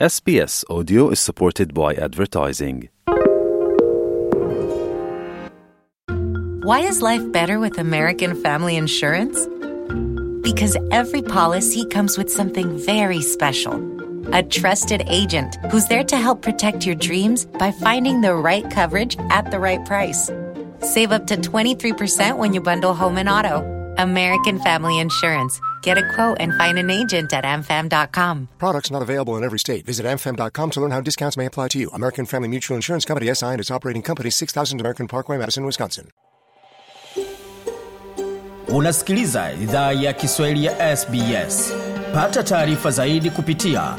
SBS Audio is supported by advertising. Why is life better with American Family Insurance? Because every policy comes with something very special a trusted agent who's there to help protect your dreams by finding the right coverage at the right price. Save up to 23% when you bundle home and auto. American Family Insurance. Get a quote and find an agent at amfam.com. Products not available in every state. Visit amfam.com to learn how discounts may apply to you. American Family Mutual Insurance Company SI and its operating company 6000 American Parkway, Madison, Wisconsin. Unasikiliza idhaa ya Kiswahili ya SBS. Pata taarifa zaidi kupitia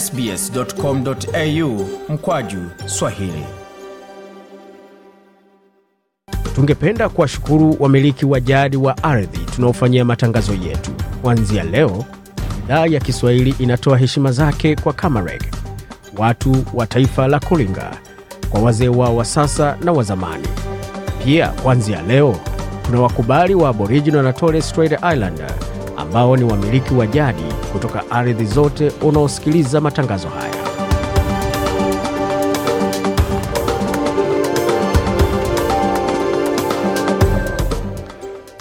sbs.com.au mkwaju Swahili. Tungependa kuwashukuru wamiliki wa jadi wa ardhi tunaofanyia matangazo yetu Kuanzia leo, idhaa ya Kiswahili inatoa heshima zake kwa Kamareg, watu wa taifa la Kulinga, kwa wazee wao wa sasa na wazamani Pia kuanzia leo kuna wakubali wa Aboriginal na tore Strait island ambao ni wamiliki wa jadi kutoka ardhi zote unaosikiliza matangazo haya.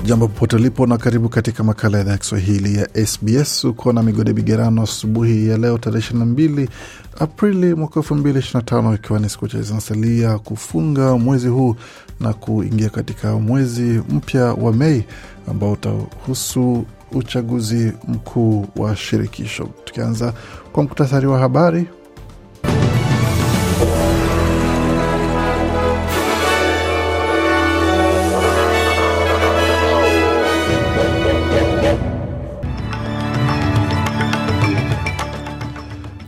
Jambo popote ulipo na karibu katika makala ya idhaa ya Kiswahili ya SBS. Uko na migode migerano asubuhi ya leo tarehe 22 Aprili mwaka 2025, ikiwa ni siku chache zinasalia kufunga mwezi huu na kuingia katika mwezi mpya wa Mei ambao utahusu uchaguzi mkuu wa shirikisho. Tukianza kwa muktasari wa habari,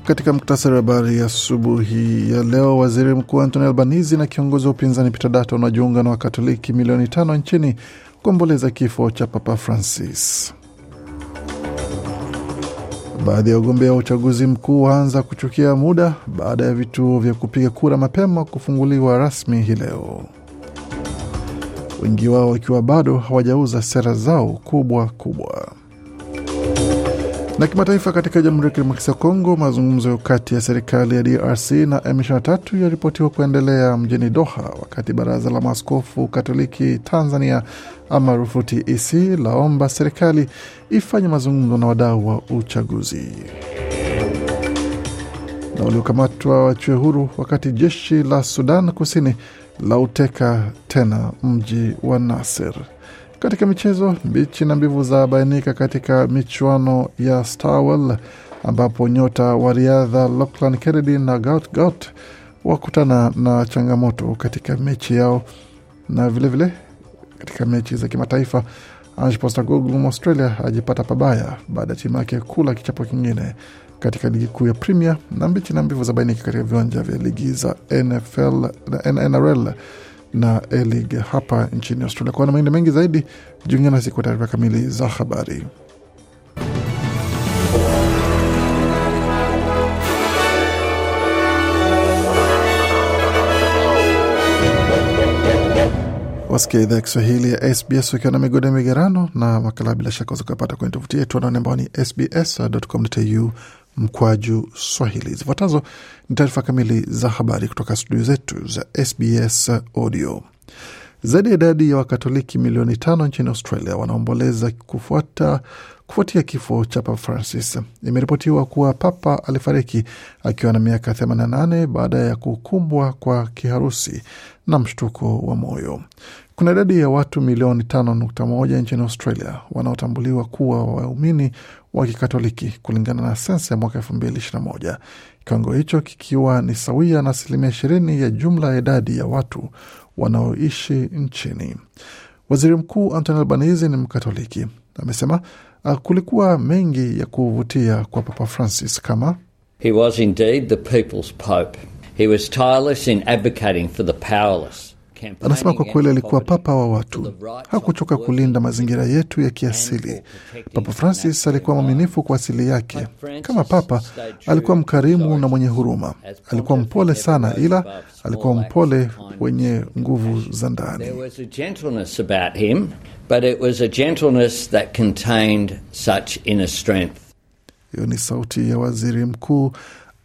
Katika muktasari wa habari asubuhi ya, ya leo, waziri mkuu antoni albanizi na kiongozi wa upinzani Peter Dutton wanajiunga na Wakatoliki milioni tano nchini kuomboleza kifo cha Papa Francis. Baadhi ya wagombea wa uchaguzi mkuu waanza kuchukia muda baada ya vituo vya kupiga kura mapema kufunguliwa rasmi hii leo, wengi wao wakiwa bado hawajauza sera zao kubwa kubwa. Na kimataifa, katika Jamhuri ya Kidemokrasia ya Kongo, mazungumzo kati ya serikali ya DRC na M23 yaripotiwa kuendelea mjini Doha, wakati baraza la maaskofu Katoliki Tanzania amaarufu TEC laomba serikali ifanye mazungumzo na wadau wa uchaguzi. Na waliokamatwa wachue huru, wakati jeshi la Sudan Kusini lauteka tena mji wa Nasir. Katika michezo, bichi na mbivu za bainika katika michuano ya Starwell ambapo nyota wa riadha Lachlan Kennedy na Gout Gout wakutana na changamoto katika mechi yao, na vilevile vile, katika mechi za kimataifa Ange Postecoglou Australia ajipata pabaya baada ya timu yake kula kichapo kingine katika ligi kuu ya Premier, na mbichi na mbivu za bainika katika viwanja vya ligi za NFL na NRL na elig hapa nchini Australia. kuwa na maende mengi zaidi, jiunge nasi kwa taarifa kamili za habari. Wasikia idhaa ya Kiswahili ya SBS ukiwa na migode migerano na makala, bila shaka wazokapata kwenye tovuti yetu anaone ambao ni sbs.com.au mkwaju Swahili. Zifuatazo ni taarifa kamili za habari kutoka studio zetu za SBS Audio. Zaidi ya idadi ya Wakatoliki milioni tano nchini Australia wanaomboleza kufuata kufuatia kifo cha Papa Francis. Imeripotiwa kuwa Papa alifariki akiwa na miaka 88 baada ya kukumbwa kwa kiharusi na mshtuko wa moyo. Kuna idadi ya watu milioni 5.1 nchini Australia wanaotambuliwa kuwa waumini wa Kikatoliki kulingana na sensa ya mwaka 2021, kiwango hicho kikiwa ni sawia na asilimia ishirini ya jumla ya idadi ya watu wanaoishi nchini. Waziri Mkuu Anthony Albanese ni Mkatoliki, amesema ah, kulikuwa mengi ya kuvutia kwa Papa Francis kama He was indeed the people's pope. He was tireless in advocating for the powerless. Anasema kwa kweli alikuwa papa wa watu, hakuchoka kulinda mazingira yetu ya kiasili. Papa Francis alikuwa mwaminifu kwa asili yake. Kama papa, alikuwa mkarimu na mwenye huruma, alikuwa mpole sana, ila alikuwa mpole wenye nguvu za ndani. Hiyo ni sauti ya waziri mkuu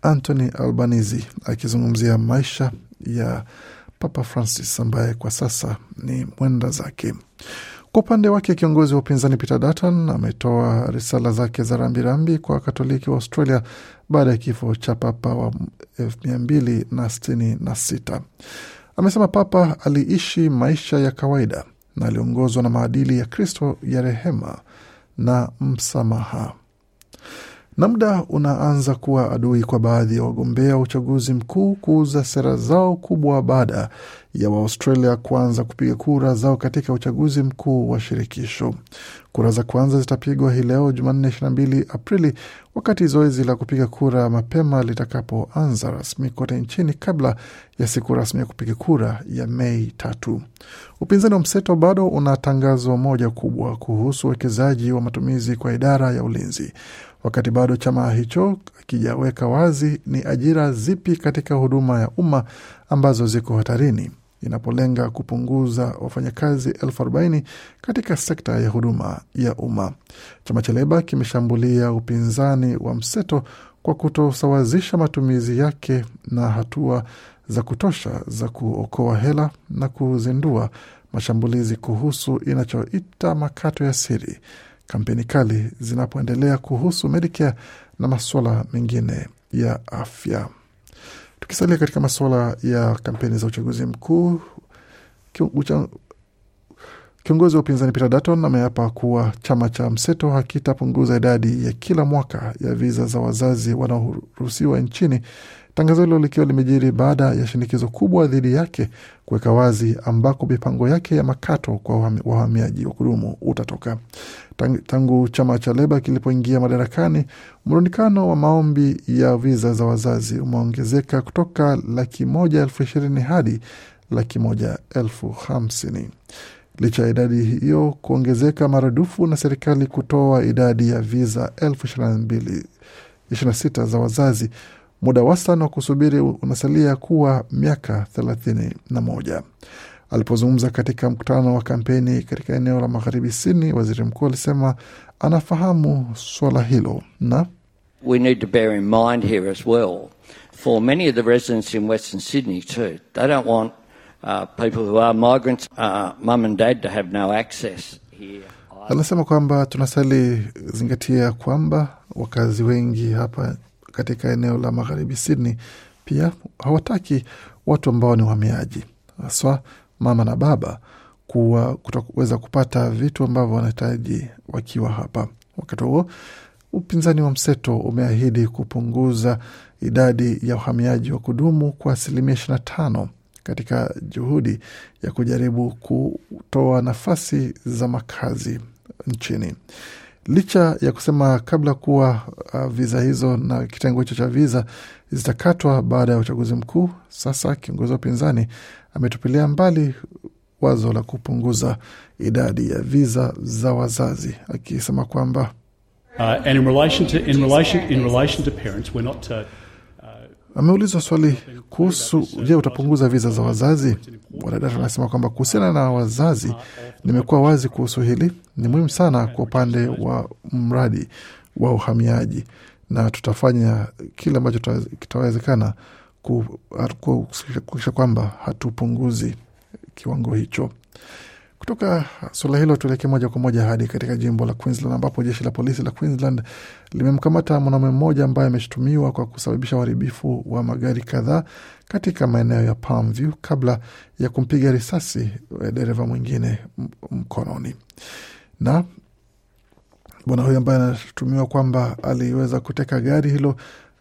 Anthony Albanese akizungumzia maisha ya Papa Francis ambaye kwa sasa ni mwenda zake. Kwa upande wake kiongozi wa upinzani Peter Dutton ametoa risala zake za rambirambi kwa Wakatoliki wa Australia baada ya kifo cha Papa wa 266. Amesema Papa aliishi maisha ya kawaida na aliongozwa na maadili ya Kristo ya rehema na msamaha. Namda unaanza kuwa adui kwa baadhi ya wagombea wa uchaguzi mkuu kuuza sera zao kubwa baada ya Waaustralia kuanza kupiga kura zao katika uchaguzi mkuu wa shirikisho. Kura za kwanza zitapigwa hii leo Jumanne 22 Aprili, wakati zoezi la kupiga kura mapema litakapoanza rasmi kote nchini kabla ya siku rasmi ya kupiga kura ya Mei tatu. Upinzani wa mseto bado una tangazo moja kubwa kuhusu uwekezaji wa matumizi kwa idara ya ulinzi, wakati bado chama hicho kijaweka wazi ni ajira zipi katika huduma ya umma ambazo ziko hatarini inapolenga kupunguza wafanyakazi elfu arobaini katika sekta ya huduma ya umma. Chama cha Leba kimeshambulia upinzani wa mseto kwa kutosawazisha matumizi yake na hatua za kutosha za kuokoa hela na kuzindua mashambulizi kuhusu inachoita makato ya siri, kampeni kali zinapoendelea kuhusu Medicare na masuala mengine ya afya. Tukisalia katika masuala ya kampeni za uchaguzi mkuu, kiongozi wa upinzani Peter Dutton ameapa kuwa chama cha mseto hakitapunguza idadi ya kila mwaka ya viza za wazazi wanaoruhusiwa nchini Tangazo hilo likiwa limejiri baada ya shinikizo kubwa dhidi yake kuweka wazi ambako mipango yake ya makato kwa wahamiaji wa kudumu utatoka. Tangu chama cha Leba kilipoingia madarakani, mrundikano wa maombi ya viza za wazazi umeongezeka kutoka laki moja elfu ishirini hadi laki moja elfu hamsini. Licha ya idadi hiyo kuongezeka maradufu na serikali kutoa idadi ya viza elfu ishirini na mbili ishirini na sita za wazazi Muda wastani wa kusubiri unasalia kuwa miaka thelathini na moja. Alipozungumza katika mkutano wa kampeni katika eneo la magharibi Sydney, waziri mkuu alisema anafahamu suala hilo na We need to bear in mind here as well for many of the residents in Western Sydney too. They don't want uh, people who are migrants uh, mum and dad to have no access here. Anasema kwamba tunasali zingatia kwamba wakazi wengi hapa katika eneo la magharibi Sydney pia hawataki watu ambao ni wahamiaji haswa mama na baba kuwa kutoweza kupata vitu ambavyo wanahitaji wakiwa hapa. Wakati huo upinzani wa mseto umeahidi kupunguza idadi ya uhamiaji wa kudumu kwa asilimia ishirini na tano katika juhudi ya kujaribu kutoa nafasi za makazi nchini licha ya kusema kabla kuwa uh, viza hizo na kitengo hicho cha viza zitakatwa baada ya uchaguzi mkuu. Sasa kiongozi wa upinzani ametupilia mbali wazo la kupunguza idadi ya viza za wazazi, akisema kwamba uh, Ameulizwa swali kuhusu je, utapunguza viza za wazazi. Mwanadata anasema kwamba kuhusiana na wazazi, nimekuwa wazi kuhusu hili, ni muhimu sana kwa upande wa mradi wa uhamiaji, na tutafanya kile ambacho kitawezekana kuhakikisha kwamba hatupunguzi kiwango hicho. Kutoka suala hilo tuelekee moja kwa moja hadi katika jimbo la Queensland ambapo jeshi la polisi la Queensland limemkamata mwanaume mmoja ambaye ameshutumiwa kwa kusababisha uharibifu wa magari kadhaa katika maeneo ya Palmview kabla ya kumpiga risasi eh, dereva mwingine mkononi. Na bwana huyo ambaye anashutumiwa kwamba aliweza kuteka gari hilo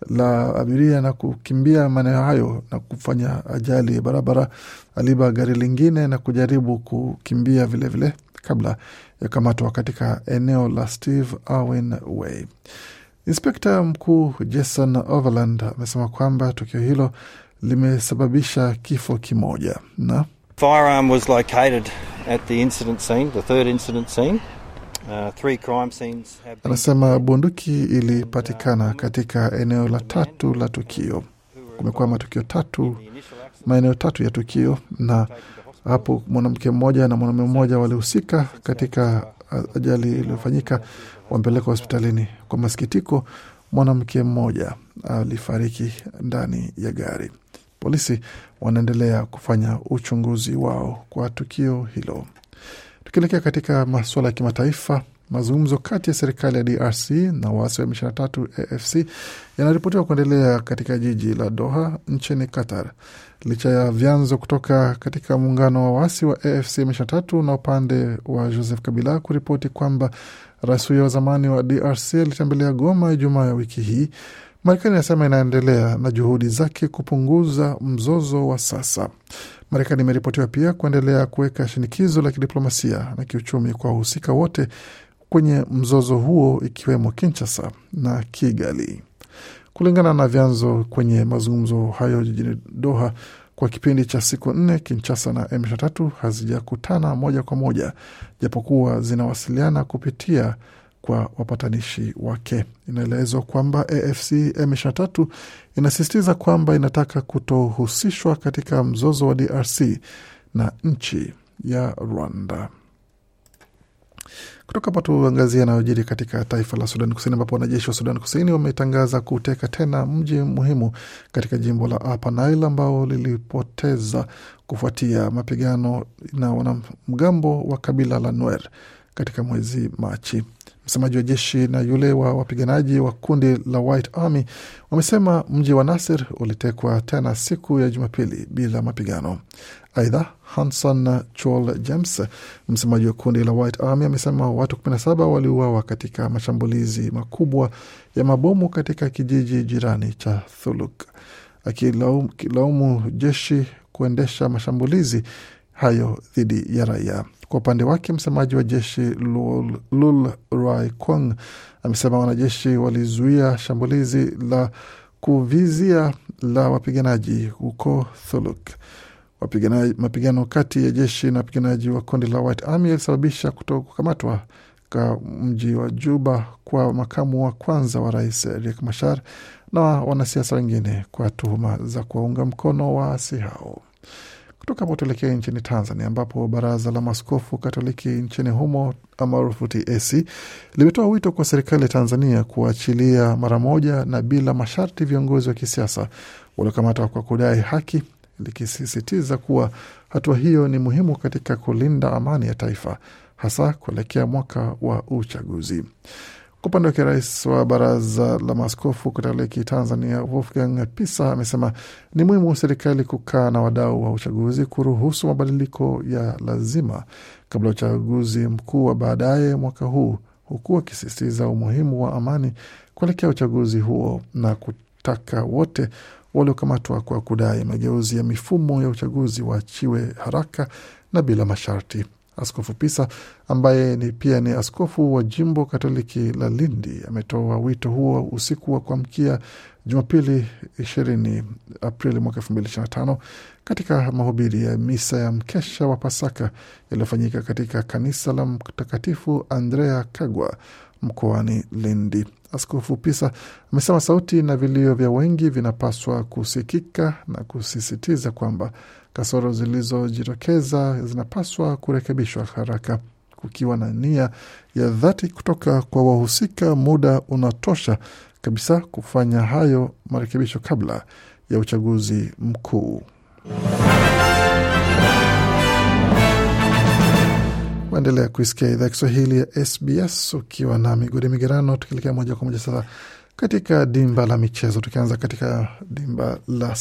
la abiria na kukimbia maeneo hayo na kufanya ajali barabara. Aliba gari lingine na kujaribu kukimbia vilevile vile, kabla ya kamatwa katika eneo la Steve Irwin Way. Inspekta mkuu Jason Overland amesema kwamba tukio hilo limesababisha kifo kimoja na firearm was located at the incident scene, the third incident scene. Uh, Anasema bunduki ilipatikana katika eneo la tatu la tukio. Kumekuwa matukio tatu, maeneo tatu ya tukio, na hapo mwanamke mmoja na mwanaume mmoja walihusika katika ajali iliyofanyika, wampeleka hospitalini. Kwa masikitiko, mwanamke mmoja alifariki ndani ya gari. Polisi wanaendelea kufanya uchunguzi wao kwa tukio hilo. Tukielekea katika masuala ya kimataifa, mazungumzo kati ya serikali ya DRC na waasi wa M23 AFC yanaripotiwa kuendelea katika jiji la Doha nchini Qatar, licha ya vyanzo kutoka katika muungano wa waasi wa AFC M23 na upande wa Joseph Kabila kuripoti kwamba rais huyo wa zamani wa DRC alitembelea Goma Ijumaa ya wiki hii. Marekani inasema inaendelea na juhudi zake kupunguza mzozo wa sasa. Marekani imeripotiwa pia kuendelea kuweka shinikizo la kidiplomasia na kiuchumi kwa wahusika wote kwenye mzozo huo ikiwemo Kinshasa na Kigali, kulingana na vyanzo kwenye mazungumzo hayo jijini Doha. Kwa kipindi cha siku nne, Kinshasa na M23 hazijakutana moja kwa moja, japokuwa zinawasiliana kupitia kwa wapatanishi wake. Inaelezwa kwamba AFC M23 inasisitiza kwamba inataka kutohusishwa katika mzozo wa DRC na nchi ya Rwanda. Kutoka hapa tuangazie yanayojiri katika taifa la Sudan Kusini, ambapo wanajeshi wa Sudan Kusini wametangaza kuteka tena mji muhimu katika jimbo la Upper Nile ambao lilipoteza kufuatia mapigano na wanamgambo wa kabila la Nuer katika mwezi Machi. Msemaji wa jeshi na yule wa wapiganaji wa kundi la White Army wamesema mji wa Nasir ulitekwa tena siku ya Jumapili bila mapigano. Aidha, Hanson Chol James, msemaji wa kundi la White Army, amesema watu 17 waliuawa katika mashambulizi makubwa ya mabomu katika kijiji jirani cha Thuluk, akilaumu jeshi kuendesha mashambulizi hayo dhidi ya raia. Kwa upande wake, msemaji wa jeshi Lul, Rai Kwang amesema wanajeshi walizuia shambulizi la kuvizia la wapiganaji huko Thuluk. Mapigano kati ya jeshi na wapiganaji wa kundi la White Army yalisababisha kukamatwa ka mji wa Juba kwa makamu wa kwanza wa rais Riek Machar na wanasiasa wengine kwa tuhuma za kuwaunga mkono waasi hao. Kutoka hapo tuelekee nchini Tanzania, ambapo baraza la maskofu Katoliki nchini humo maarufu TAC limetoa wito kwa serikali ya Tanzania kuachilia mara moja na bila masharti viongozi wa kisiasa waliokamatwa kwa kudai haki, likisisitiza kuwa hatua hiyo ni muhimu katika kulinda amani ya taifa, hasa kuelekea mwaka wa uchaguzi. Kwa upande wake rais wa baraza la maaskofu Katoliki Tanzania Wolfgang Pisa amesema ni muhimu serikali kukaa na wadau wa uchaguzi kuruhusu mabadiliko ya lazima kabla ya uchaguzi mkuu wa baadaye mwaka huu, huku akisisitiza umuhimu wa amani kuelekea uchaguzi huo na kutaka wote waliokamatwa kwa kudai mageuzi ya mifumo ya uchaguzi waachiwe haraka na bila masharti. Askofu Pisa ambaye ni pia ni askofu wa jimbo Katoliki la Lindi ametoa wito huo usiku wa kuamkia Jumapili 20 Aprili mwaka 2025 katika mahubiri ya misa ya mkesha wa Pasaka yaliyofanyika katika kanisa la Mtakatifu Andrea Kagwa mkoani Lindi. Askofu Pisa amesema sauti na vilio vya wengi vinapaswa kusikika na kusisitiza kwamba Kasoro zilizojitokeza zinapaswa kurekebishwa haraka, kukiwa na nia ya dhati kutoka kwa wahusika. Muda unatosha kabisa kufanya hayo marekebisho kabla ya uchaguzi mkuu. Waendelea kuisikia idhaa Kiswahili ya SBS ukiwa na migodi migerano, tukielekea moja kwa moja sasa katika dimba la michezo, tukianza katika dimba la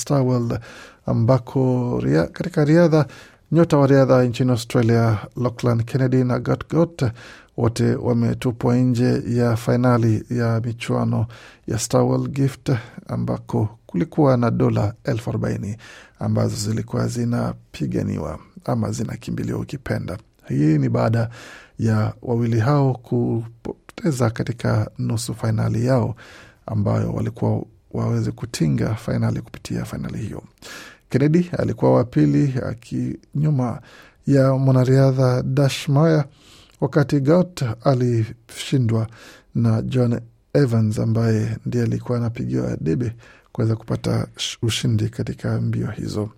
ambako ria, katika riadha nyota wa riadha nchini Australia Lachlan Kennedy na Gatgot wote wametupwa nje ya fainali ya michuano ya Starwell Gift ambako kulikuwa na dola elfu arobaini ambazo zilikuwa zinapiganiwa ama zinakimbiliwa ukipenda. Hii ni baada ya wawili hao kupoteza katika nusu fainali yao ambayo walikuwa waweze kutinga fainali kupitia fainali hiyo. Kennedy alikuwa wa pili akinyuma ya mwanariadha Dash Maya, wakati Gout alishindwa na John Evans ambaye ndiye alikuwa anapigiwa debe kuweza kupata ushindi katika mbio hizo.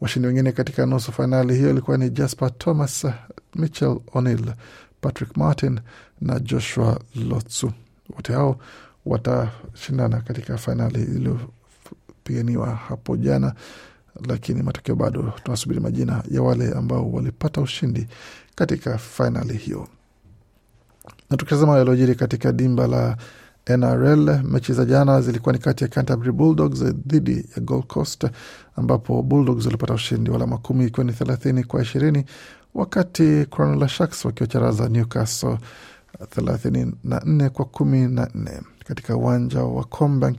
Washindi wengine katika nusu fainali hiyo ilikuwa ni Jasper Thomas, Mitchell O'Neil, Patrick Martin na Joshua Lotsu. Wote hao watashindana katika fainali iliyopiganiwa hapo jana, lakini matokeo bado, tunasubiri majina ya wale ambao walipata ushindi katika fainali hiyo. Na tukitazama yaliyojiri katika dimba la NRL, mechi za jana zilikuwa ni kati ya Canterbury Bulldogs dhidi ya Gold Coast, ambapo Bulldogs walipata ushindi wa alama kumi ikiwa ni thelathini kwa ishirini wakati Cronulla Sharks wakiwacharaza Newcastle 34 kwa 14 katika uwanja wa Combank.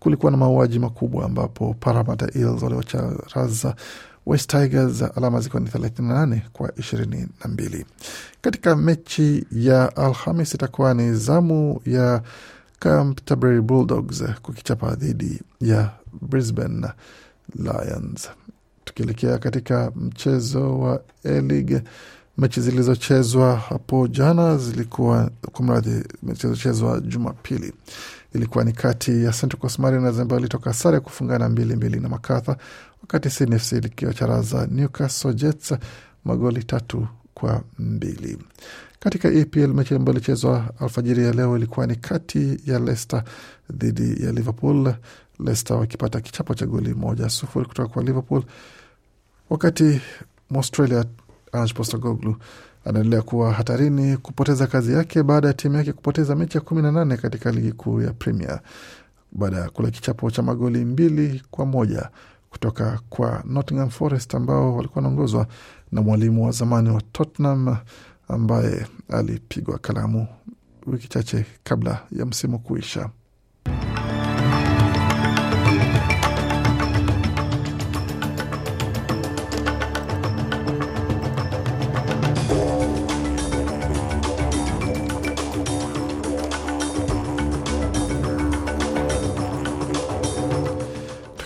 Kulikuwa na mauaji makubwa ambapo Parramatta Eels waliocharaza West Tigers alama zikiwa ni 38 kwa 22. Katika mechi ya Alhamis itakuwa ni zamu ya Canterbury Bulldogs kukichapa dhidi ya Brisbane Lions. Tukielekea katika mchezo wa A-League mechi zilizochezwa hapo jana zilikuwa kwa mradhi, mechi zilizochezwa Jumapili ilikuwa ni kati ya Central Coast Mariners ambayo ilitoka sare ya kufungana mbili mbili na makatha wakati Sydney FC likiwacharaza Newcastle Jets magoli tatu kwa mbili. Katika EPL mechi ambayo ilichezwa alfajiri ya leo ilikuwa ni kati ya Leicester dhidi ya Liverpool, Leicester wakipata kichapo cha goli moja sufuri kutoka kwa Liverpool, wakati Australia Ange anaendelea kuwa hatarini kupoteza kazi yake baada ya timu yake kupoteza mechi ya kumi na nane katika ligi kuu ya Premier baada ya kula kichapo cha magoli mbili kwa moja kutoka kwa Nottingham Forest ambao walikuwa wanaongozwa na mwalimu wa zamani wa Tottenham ambaye alipigwa kalamu wiki chache kabla ya msimu kuisha.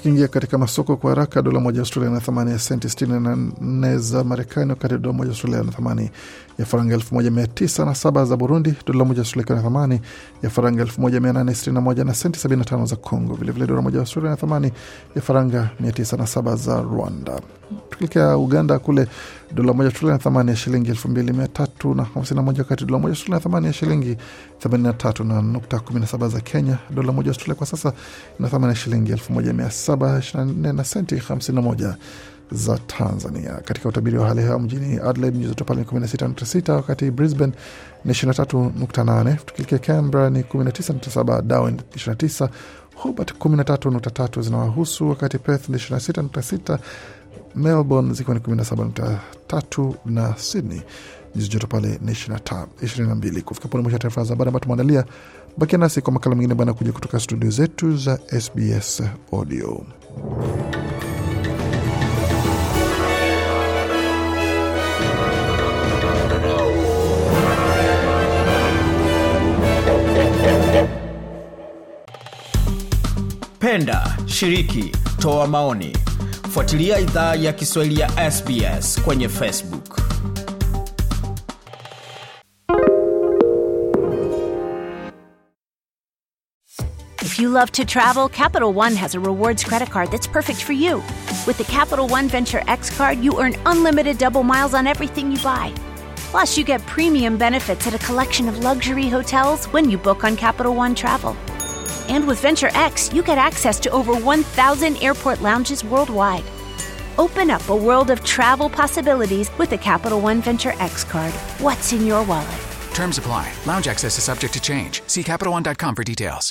tukiingia katika masoko kwa haraka, dola moja ya Australia na thamani ya senti 64 za Marekani, wakati dola moja Australia na thamani ya faranga 1907 za Burundi, dola moja Australia na thamani ya faranga 1861 na senti 75 za Congo. Vilevile dola moja Australia na thamani ya faranga 907 za Rwanda tukielekea Uganda kule dola moja tulikuwa na thamani ya shilingi elfu mbili mia tatu na hamsini na moja wakati dola moja tulikuwa na thamani ya shilingi themanini na tatu na nukta kumi na saba za Kenya. Dola moja Australia kwa sasa ina thamani ya shilingi elfu moja mia saba ishirini na nne na senti hamsini na moja za Tanzania. Katika utabiri wa hali ya hewa mjini Adelaide nyuzi joto pale ni 16.6, wakati Brisbane ni 23.8, tukielekea Canberra ni 19.7, Darwin 29, Hobart 13.3 zinawahusu, wakati Perth ni 26.6 Melbourne zikiwa ni 17.3 na Sydney nyuzi joto pale ni 22. Kufika pone mwisho ya taarifa za habari ambayo tumeandalia. Bakia nasi kwa makala mengine bana kuja kutoka studio zetu za SBS Audio. Penda, shiriki, toa maoni fuatilia idhaa ya kiswahili ya sbs kwenye facebook if you love to travel capital one has a rewards credit card that's perfect for you with the capital one venture x card you earn unlimited double miles on everything you buy plus you get premium benefits at a collection of luxury hotels when you book on capital one travel and with Venture X, you get access to over 1,000 airport lounges worldwide. Open up a world of travel possibilities with the Capital One Venture X card. What's in your wallet? Terms apply. Lounge access is subject to change. See CapitalOne.com for details.